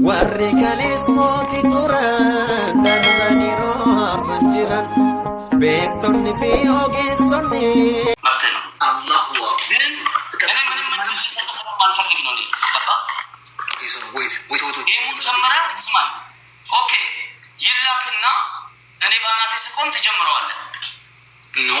Warri kalees mootii turan darbaniiroo arran jiran beektonni fi ogeessonni. ኦኬ ይላክና እኔ ባናቴ ስቆም ትጀምረዋለህ ኖ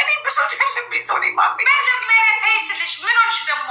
እኔ ብሶት ያለብኝ ሰው ነኝ። ማሜ መጀመሪያ ተይስልሽ ምን ሆንሽ ደግሞ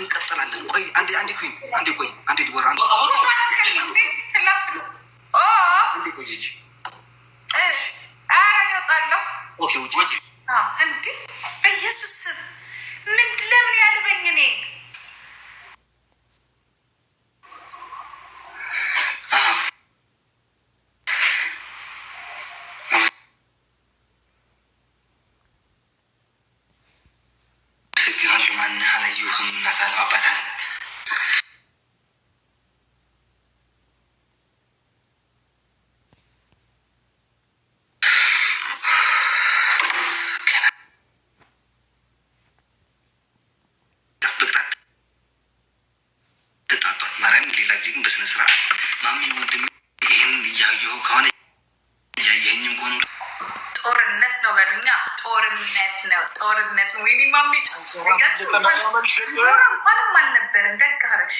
እንቀጥላለን። ቆይ አንዴ አንዴ ቆይ አንዴ ቆይ አንዴ ወር አንዴ ቆይ እጅ ኦኬ ውጭ እንዴ በኢየሱስ ስም ምንድ ለምን ያልበኝ እኔ อยู่คุณนะครับเอาประทาน እንኳንም አልነበረም። ደግ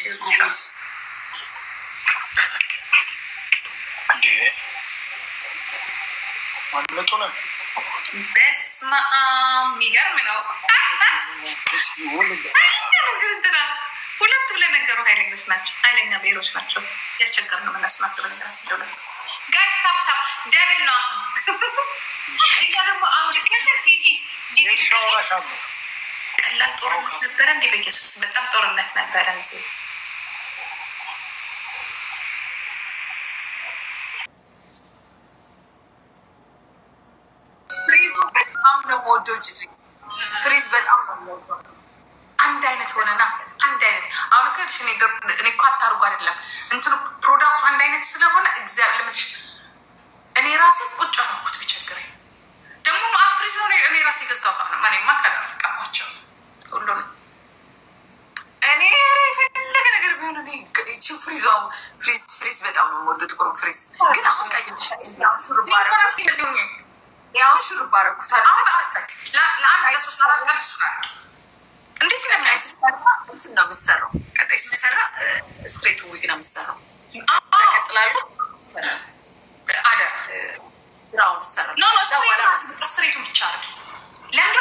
የሚገርም ነው። ሁለቱ ለነገሩ ኃይለኞች ናቸው። ኃይለኛ ብሔሮች ናቸው። ያስቸገር ነው መለስ ናቸው። በነገራችን ለሁለት ጋይስ ታፕታ ደብል ነው። ደግሞ አሁን ቀላል ጦርነት ነበረ እንዴ? በኢየሱስ በጣም ጦርነት ነበረ እንጂ አንድ አይነት ሆነና አንድ አይነት አሁን ከሽ እኔ እኮ አታርጉ አይደለም እንትኑ ፕሮዳክቱ አንድ አይነት ስለሆነ እግዚአብሔር እኔ ራሴ ቁጭ አልኩት ቢቸግረኝ ደግሞ ማፍሪዝ እኔ ራሴ ገዛሁት ማ ከላርቃ ሁሉም እኔ የፈለገ ነገር ቢሆን እቺ ፍሪዝ ፍሪዝ በጣም ነው የምወደው። ጥቁሩን ፍሪዝ ግን አሁን ቀይ ሹሩባ አደረኩት። እንዴት ነው የምሰራው? ቀጣይ ስትሰራ ስትሬት ዊግ ነው የምሰራው።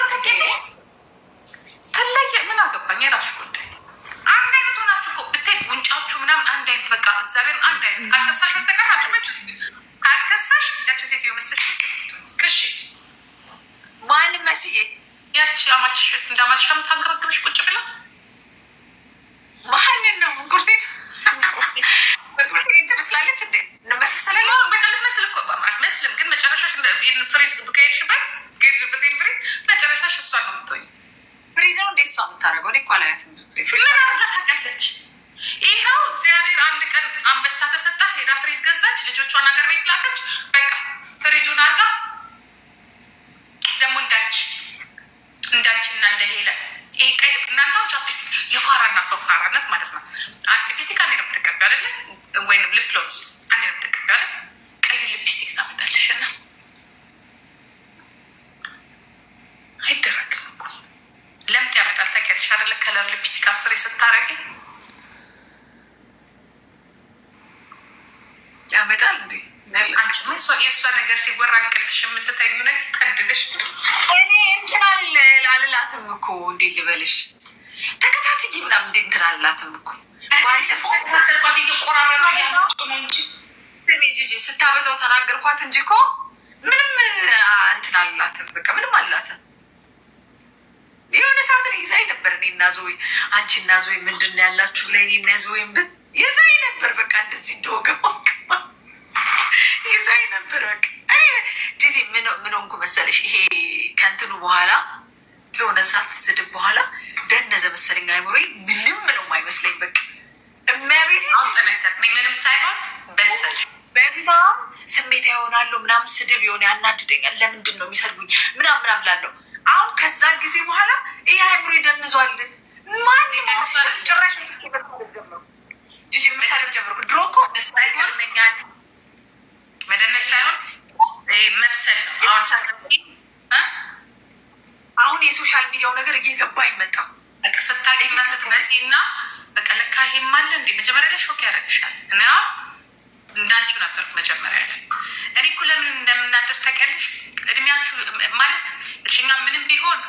ብቻ ተለየ ምን አገባኝ፣ የራስሽ ጉዳይ። አንድ አይነት ሆናችሁ እኮ ብታይ ጉንጫችሁ ምናምን አንድ አይነት በቃ እግዚአብሔር አንድ አይነት ካልከሳሽ በስተቀር አጭመች ካልከሳሽ ያቺ ሴትዮ መስል ክሽ ማን መስዬ ያቺ አማችሽ እንዳማችሽ የምታንገበግብሽ ቁጭ ብላ ፍሪዝ ገዛች፣ ልጆቿን ሀገር ቤት ላከች። በቃ ፍሪዙን አርጋ ይችላል እንዴ? አንቺማ የእሷ ነገር ሲወራ እንቅልፍሽ የምትተኙ ነ ቀድልሽ እኔ እንትናል አልላትም እኮ እንዴት ልበልሽ፣ ተከታትዬ ምናምን እንዴት እንትን አልላትም እኮ ጂጂ ስታበዛው ተናገርኳት እንጂ እኮ ምንም እንትን አልላትም። በቃ ምንም አልላትም። የሆነ ሰዓት ላይ ይዛኝ ነበር እኔ እና ዞይ አንቺ እና ዞይ ምንድን ነው ያላችሁ ላይ እኔ እና ዞይ የዛኝ ነበር በቃ እንደዚህ እንደወገማ እንደዛ ነበር። በቃ ዲዚ ምን ሆንኩ መሰለሽ? ይሄ ከንትኑ በኋላ የሆነ ሰዓት ስድብ በኋላ ደነዘ መሰለኝ አይምሮዬ። ምንም ምንም አይመስለኝ። በቃ እሚያቤት ምንም ሳይሆን በሰል በፊት ስሜት ይሆናለሁ ምናምን ስድብ የሆነ ያናድደኛል። ለምንድን ነው የሚሰድቡኝ ምናምን ምናምን ላለው አሁን ከዛ ጊዜ በኋላ ይህ አይምሮ ይደንዟል። ማንጭራሽ ጀምሩ ጅ መሳሪያ ጀምሩ ድሮ እኮ ሳይሆን መኛል የሚለው ነገር እየገባ ይመጣ በቃ ስታገኝና ስትመጪ እና በቃ ለካ ይሄም አለ እንዴ መጀመሪያ ላይ ሾክ ያደርግሻል። እና እንዳንቹ ነበርኩ መጀመሪያ ላይ እኔ እኮ ለምን እንደምናደር ታውቂያለሽ? እድሜያችሁ ማለት እኛ ምንም ቢሆን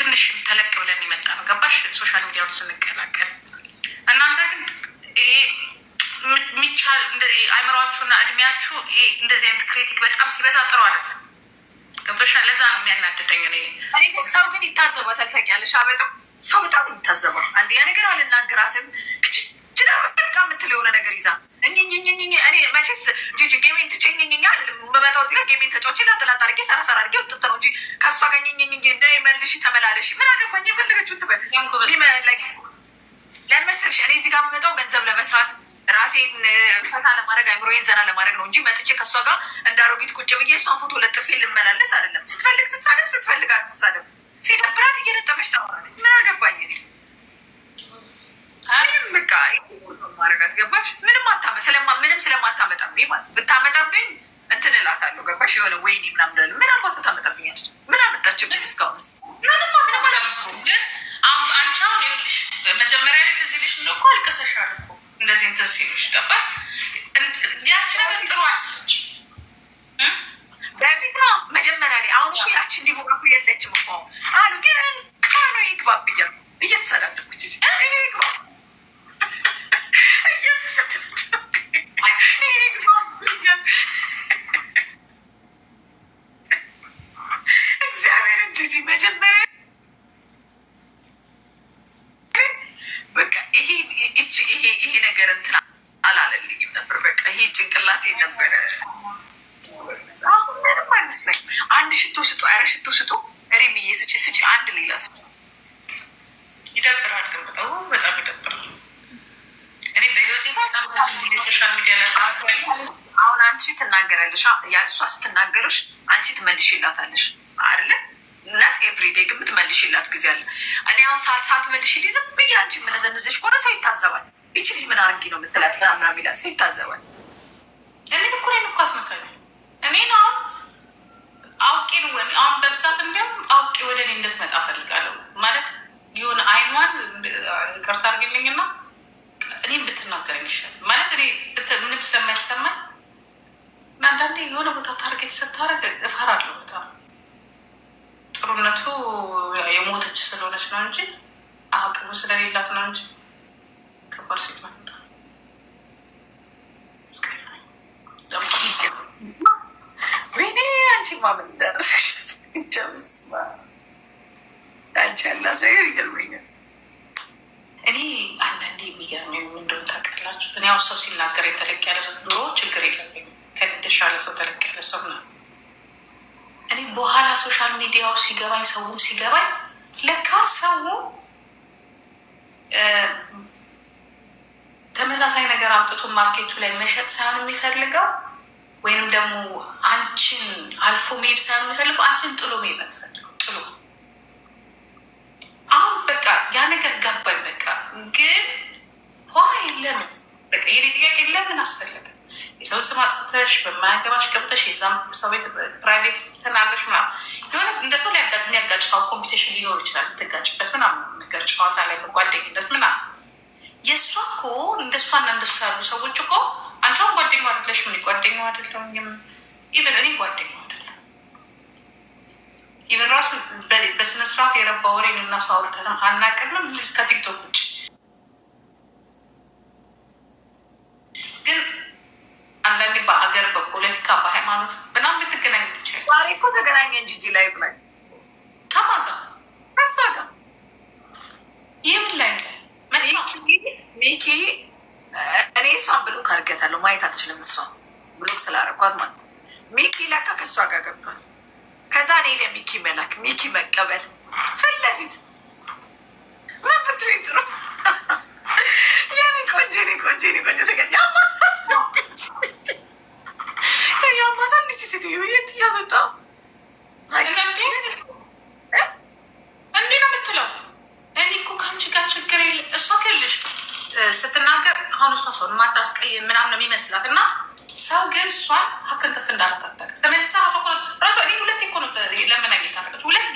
ትንሽ ተለቅ ብለን ይመጣ ነው። ገባሽ? ሶሻል ሚዲያውን ስንቀላቀል እናንተ ግን ይሄ የሚቻል አይምሯችሁና እድሜያችሁ እንደዚህ አይነት ክሬቲክ በጣም ሲበዛ ጥሩ አይደለም። ገብቶሻል? ለዛ ነው የሚያናድደኝ። እኔ ሰው ግን ይታዘባታል። ታውቂያለሽ? በጣም ሰው በጣም ይታዘባ። አንደኛ ነገር አልናገራትም ችላ በቃ የምትለው የሆነ ነገር ይዛ እኔ መቼስ ጂጂ ጌሜን ትቼኝኝኛ የምመጣው እዚህ ጋር ጌሜን ተጫውቼ ላጥላጥ አድርጌ ሰራ አድርጌ ውጥት ነው እንጂ ከእሷ ጋር ኝኝኝ እንዳይ መልሽ ተመላለሽ ምን አገባኝ የፈለገችውን ትበል። ለምን እኔ እዚህ ጋር የምመጣው ገንዘብ ለመስራት ራሴን ፈታ ለማድረግ አይምሮዬን ዘና ለማድረግ ነው እንጂ መጥቼ ከእሷ ጋር እንዳሮጊት ቁጭ ብዬ እሷን ፎቶ ለጥፌ ልመላለስ አይደለም። ስትፈልግ ትሳደብ፣ ስትፈልግ አትሳደብ። ሲደብራት እየነጠፈች ታወራለች። ምን አገባኝ እኔ በቃ ማድረግ አትገባሽ። ምንም አታመ ስለማ ምንም ስለማታመጣብኝ ማለት ብታመጣብኝ እንትን እላታለሁ። ገባሽ? የሆነ ወይኔ ምናምን እላለሁ። ምን አባቷ ታመጣብኛለች? ምን አመጣችብኝ እስካሁንስ? ምንም አታመጣብኝ ግን አንቺ አሁን ይኸውልሽ መጀመሪያ ላይ ትዝ ይልሽ እንደው እኮ አልቅሰሻል እኮ እንደዚህ እንትን ሲሉ ይሽጠፋል። ያቺ ነገር ጥሩ አለች አንድ ሽቶ ስጡ፣ ኧረ ሽቶ ስጡ፣ ሪ ብዬ ስጭ ስጭ፣ አንድ ሌላ ስጭ። ይደብራል፣ ግን በጣም ይደብራል። አሁን አንቺ ትናገራለሽ፣ እሷ ስትናገርሽ አንቺ ትመልሽላታለሽ አለ እናት ኤቭሪዴ ግን ምትመልሽላት ጊዜ አለ። እኔ አሁን ሰዓት ሰዓት መልሽልኝ ዝም ብዬ አንቺ የምነዘንዘሽ ከሆነ ሰው ይታዘባል። እቺ ልጅ ምን አድርጊ ነው የምትላት ምናምን ይላል፣ ሰው ይታዘባል። እኔ እኮ ነው ጭማ ምን እንዳደረግሻት ጀምስማ አንቺ ያላት ነገር ይገርመኛል። እኔ አንዳንዴ የሚገርመኝ እንደሆነ ታውቃላችሁ፣ እኔ ያው ሰው ሲናገር የተለቅ ያለ ሰው ድሮ ችግር የለብኝም ከእኔ ሰው ተለቅ ያለ ሰው ነው። እኔ በኋላ ሶሻል ሚዲያው ሲገባኝ ሰውም ሲገባኝ ለካ ሰው ተመሳሳይ ነገር አምጥቶ ማርኬቱ ላይ መሸጥ ሳይሆን የሚፈልገው ወይንም ደግሞ አንቺን አልፎ መሄድ ሳይሆን የሚፈልገው አንቺን ጥሎ መሄድ ነው ጥሎ አሁን በቃ ያ ነገር ገባኝ። በቃ ግን ዋይ ለምን በቃ የኔ ጥያቄ ለምን አስፈለገ? የሰው ስም አጥፍተሽ በማያገባሽ ገብተሽ የዛም ሰው ቤት ፕራይቬት ተናግረሽ ምናምን የሆነ እንደ ሰው ሊያጋጭፋው ኮምፒቴሽን ሊኖር ይችላል። ትጋጭበት ምናምን ነገር ጨዋታ ላይ በጓደኝነት ምናምን የእሷ እኮ እንደሷና እንደሱ ያሉ ሰዎች እኮ አንቺ አሁን ጓደኛው አይደለሽ። ምን ጓደኛው አይደለሁም። ኢቨን እኔ ጓደኛው አይደለም። ኢቨን ራሱ በስነ ስርዓት የረባ ወሬን እና ሰው አውርተንም አናቅንም ከቲክቶክ ውጭ። ግን አንዳንዴ በሀገር በፖለቲካ በሃይማኖት በጣም ብትገናኝ ትችላል። ዛሬ እኮ ተገናኘ እንጂ እዚህ ላይ ብላይ ከማን ጋር ከእሷ ጋር ይህ ምን ላይ ሚኪ እኔ እሷን ብሎክ አድርጌያታለሁ። ማየት አልችልም። እሷ ብሎክ ስላደረኳት ማለት ነው። ሚኪ ለካ ከእሷ ጋር ገብቷል። ከዛ እኔ ለሚኪ መላክ ሚኪ መቀበል ፊት ለፊት መብት ነው። የኔ ቆንጆ የኔ ቆንጆ የኔ ቆንጆ ተገኘ ሴትዮ የት እንዲህ ነው የምትለው። እኔ እኮ ከአንቺ ጋር ችግር እሷ ክልሽ ስትናገር አሁን እሷ ሰውን ማታስቀይም ምናምን የሚመስላት እና ሰው ግን እሷን ሀክንትፍ እንዳለታጠቅ እንዳላታጠቅ ተመልሳ ራሷ ራሷ ሁለት ኮ ሁለት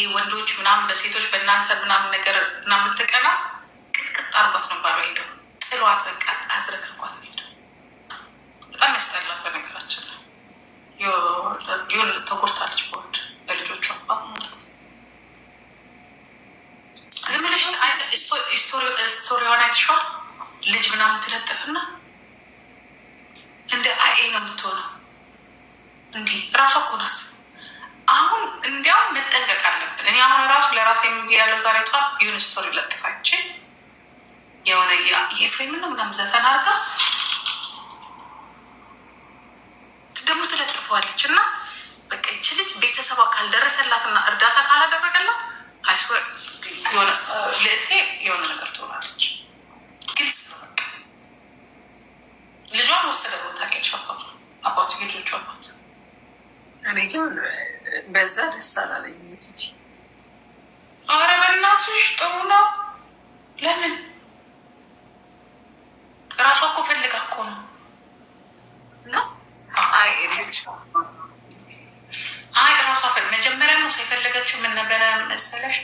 ይሄ ወንዶች ምናምን በሴቶች በእናንተ ምናምን ነገር ና የምትቀና ቅጥቅጥ አርጓት ነው ባለው ሄደው ጥሏት በቃ አዝረክርኳት ነው ሄደው። በጣም ያስጠላል። በነገራችን ላይ ሆን ተጎድታለች በወንድ በልጆቹ አባት ማለት ነው። ዝም ብለሽ ስቶሪዋን አይተሽዋል። ልጅ ምናምን ትለጥፍና እንደ አኤ ነው የምትሆነው። እንዲህ እራሷ እኮ ናት። አሁን እንዲያውም መጠንቀቅ አለብን። እኔ አሁን ራሱ ለራሴ ያለው ዛሬ ጠዋት የሆነ ስቶሪ ለጥፋችን የሆነ የኤፍሬም ነው ምናምን ዘፈን አርጋ ደግሞ ትለጥፈዋለች እና በቃ ይች ልጅ ቤተሰቧ ካልደረሰላትና እርዳታ ካላደረገላት አይስወር ልዕልቴ የሆነ ነገር ትሆናለች። ግልጽ ነው በቃ ልጇን ወሰደ ቦታ ቄ አባቱ አባቱ የልጆቹ አባት እኔ ግን በዛ ደስ አላለኝ። ልጅ አረ በእናትሽ ጥሩ ነው። ለምን እራሷ እኮ ፈልጋ እኮ ነው ነው። አይ እራሷ መጀመሪያ ነው ምን ነበረ መሰለሽ?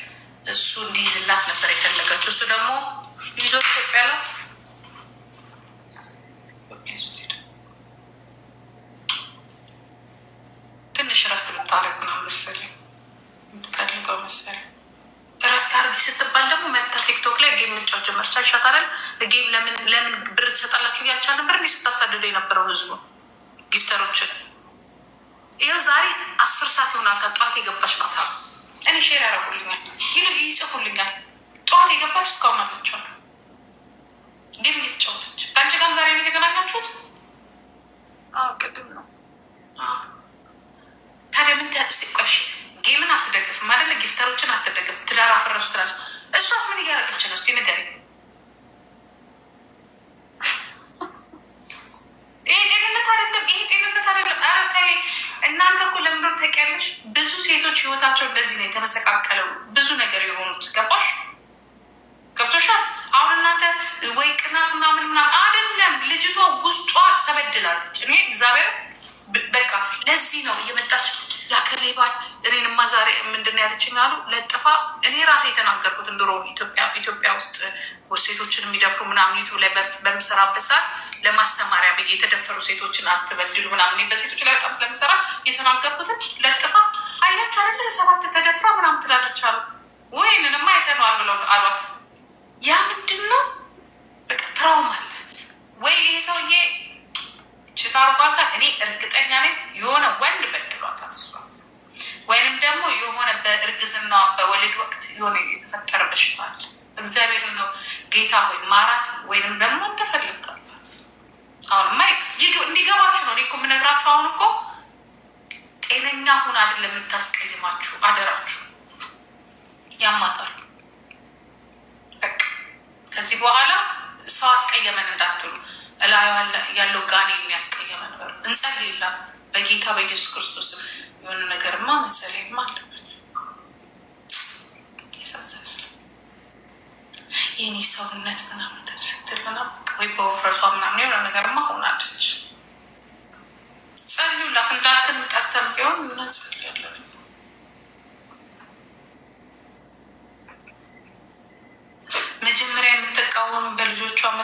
እሱ እንዲይዝላት ነበር የፈለገችው። እሱ ደግሞ ይዞ ኢትዮጵያ ላፍ መሰለኝ ፈልገው መሰለኝ እረፍት አድርጊ ስትባል ደግሞ መታ ቲክቶክ ላይ ጌም ምጫው ጀመር። ቻሻታለን ጌም ለምን ለምን ብር ትሰጣላችሁ እያልቻል ነበር እንዲህ ስታሳድዱ የነበረው ህዝቡ ጊፍተሮችን። ይኸው ዛሬ አስር ሰዓት ይሆናታል ጠዋት የገባች ማታ እኔ ሼር ያደርጉልኛል ይጽፉልኛል። ጠዋት የገባች እስካሁን አለችዋል ጌም እየተጫወተች ከአንቺ ጋርም ዛሬ የተገናኛችሁት? ቅድም ነው ታዲያ ምን እስቲ ቆሽ ጌምን አትደግፍም አይደለ? ጊፍተሮችን አትደግፍም። ትዳር አፈረሱ ትላለች። እሷስ ምን እያደረገች ነው? እስቲ ንገሪ። ይሄ ጤንነት አይደለም። ይሄ ጤንነት አይደለም። ኧረ ተይ እናንተ እኮ ለምንድን ነው ታውቂያለሽ? ብዙ ሴቶች ህይወታቸው እንደዚህ ነው የተመሰቃቀለው። ብዙ ነገር የሆኑት ገባሽ? ገብቶሻል? አሁን እናንተ ወይ ቅናቱ ምናምን ምናምን አይደለም። ልጅቷ ውስጧ ተበድላለች። እኔ እግዚአብሔር በቃ ለዚህ ነው እየመጣች ያከሌባል እኔንማ ዛሬ ምንድን ያለችኝ አሉ ለጥፋ እኔ ራሴ የተናገርኩት እንድሮ ኢትዮጵያ ውስጥ ሴቶችን የሚደፍሩ ምናምን ዩቱብ ላይ በምሰራበት ሰዓት ለማስተማሪያ ብዬ የተደፈሩ ሴቶችን አትበድሉ ምናምን በሴቶች ላይ በጣም ስለምሰራ የተናገርኩትን ለጥፋ አያቸው አለ ሰባት ተደፍራ ምናምን ትላለች አሉ ወይንንማ አይተነዋል ብለው አሏት። ያ ምንድን ነው በቃ ትራውማ አላት ወይ ይሄ ሰውዬ ሽታርኳታል። እኔ እርግጠኛ ነኝ የሆነ ወንድ በድሏታል እሷ ወይንም ደግሞ የሆነ በእርግዝና በወሊድ ወቅት የሆነ የተፈጠረ በሽታ አለ። እግዚአብሔር ነው ጌታ ሆይ ማራት ወይንም ደግሞ አሁን ማ እንዲገባችሁ ነው። እኔ እኮ የምነግራችሁ አሁን እኮ ጤነኛ ሁን አይደለም የምታስቀይማችሁ፣ አደራችሁ ያማጣል። በቃ ከዚህ በኋላ ሰው አስቀየመን እንዳትሉ። እላዩ ያለው ጋኔ የሚያስቀየመ ነገር እንጸልይላት። በጌታ በኢየሱስ ክርስቶስ የሆነ ነገርማ መጸለይማ አለበት። ያሳዝናል። የኔ ሰውነት ምናምን ስትል ምናምን ወይ በውፍረቷ ምናምን የሆነ ነገርማ ሆናለች። ጸልዩላት። እንዳልክን ቀርተን ቢሆን እናጸልያለን።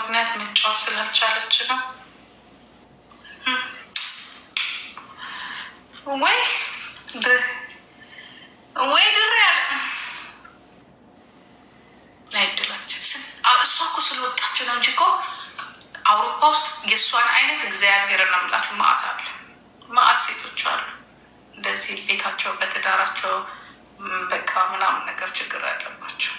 ምክንያት መጫወት ስላልቻለች ነው ወይ ወይ ድሬ ያለ አይደላቸው። እሷ እኮ ስለወጣች ነው እንጂ እኮ አውሮፓ ውስጥ የእሷን አይነት እግዚአብሔር ነው የምላችሁ። ማአት አለ ማአት ሴቶች አሉ እንደዚህ ቤታቸው በትዳራቸው በቃ ምናምን ነገር ችግር ያለባቸው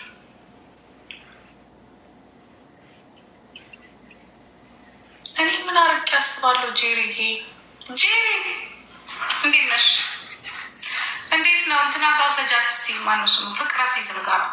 እኔ ምን አርቄ አስባለሁ? ጄሪ ጄሪ እንዴት ነሽ? እንዴት ነው? እንትና ጋር ውሰጃት እስኪ ማነው ስሙ ፍቅር አስይዝም ጋር